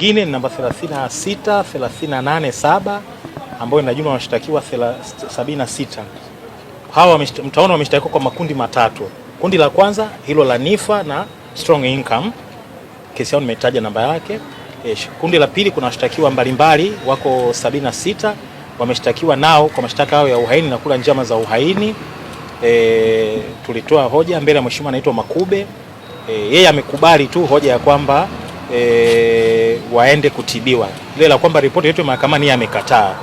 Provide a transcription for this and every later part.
Nyingine ni namba 36 387 ambayo ina jumla washtakiwa 76. Hawa mtaona wameshtakiwa kwa makundi matatu. Kundi la kwanza hilo la Nifa na Strong Income, kesi yao nimetaja namba yake. Eh, kundi la pili kuna washtakiwa mbalimbali wako 76 wameshtakiwa nao kwa mashtaka yao ya uhaini na kula njama za uhaini. E, tulitoa hoja mbele ya mheshimiwa anaitwa Makube. E, yeye amekubali tu hoja ya kwamba e, waende kutibiwa. Ile la kwamba ripoti yetu mahakamani amekataa.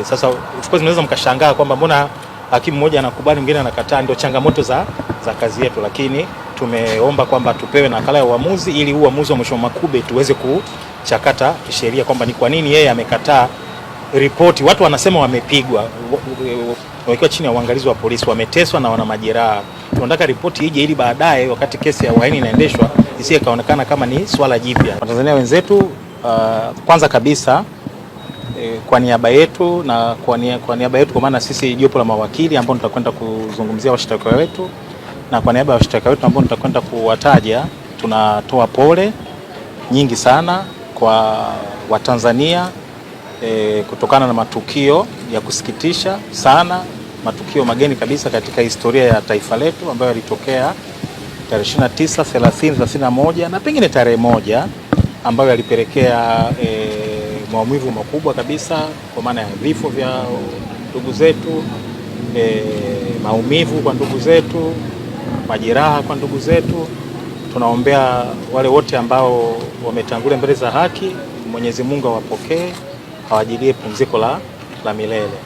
E, sasa of course mnaweza mkashangaa kwamba mbona hakimu mmoja anakubali mwingine anakataa, ndio changamoto za, za kazi yetu, lakini tumeomba kwamba tupewe nakala ya uamuzi ili uamuzi wa Mheshimiwa Makube tuweze kuchakata sheria kwamba ni kwa nini yeye amekataa ripoti. Watu wanasema wamepigwa wakiwa chini ya uangalizi wa polisi, wameteswa na wana majeraha tunataka ripoti ije ili baadaye wakati kesi ya uhaini inaendeshwa isiye kaonekana kama ni swala jipya. Watanzania wenzetu, uh, kwanza kabisa eh, kwa niaba yetu na kwa niaba, kwa niaba yetu kwa maana sisi jopo la mawakili ambao tutakwenda kuzungumzia washtakiwa wetu na kwa niaba ya washtakiwa wetu ambao tutakwenda kuwataja, tunatoa pole nyingi sana kwa Watanzania eh, kutokana na matukio ya kusikitisha sana matukio mageni kabisa katika historia ya taifa letu ambayo yalitokea tarehe 29, 30, 31 na pengine tarehe moja ambayo yalipelekea e, maumivu makubwa kabisa kwa maana ya vifo vya ndugu zetu e, maumivu kwa ndugu zetu, majeraha kwa ndugu zetu. Tunaombea wale wote ambao wametangulia mbele za haki, Mwenyezi Mungu awapokee, awajilie pumziko la, la milele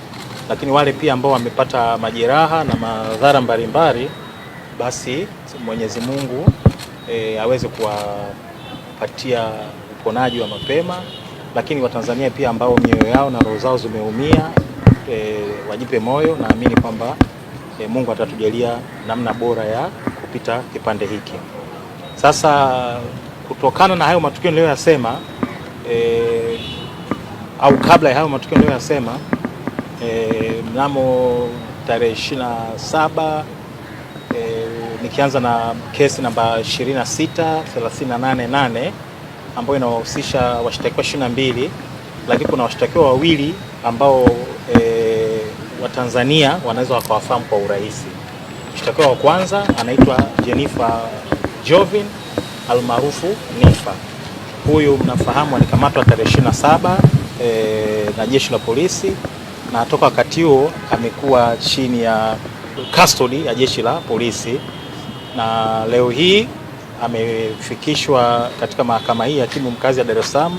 lakini wale pia ambao wamepata majeraha na madhara mbalimbali, basi Mwenyezi Mungu e, aweze kuwapatia uponaji wa mapema, lakini Watanzania pia ambao mioyo yao na roho zao zimeumia e, wajipe moyo, naamini kwamba e, Mungu atatujalia namna bora ya kupita kipande hiki. Sasa kutokana na hayo matukio niliyoyasema e, au kabla ya hayo matukio niliyoyasema e, mnamo tarehe 27 e, nikianza na kesi namba 26388 ambayo inawahusisha washtakiwa 22 lakini kuna washtakiwa wawili ambao e, Watanzania wanaweza wakawafahamu kwa urahisi. Mshtakiwa wa kwanza anaitwa Jennifer Jovin almaarufu Nifa. Huyu mnafahamu alikamatwa tarehe 27 e, na jeshi la polisi na toka wakati huo amekuwa chini ya custody ya jeshi la polisi, na leo hii amefikishwa katika mahakama hii ya hakimu mkazi ya Dar es Salaam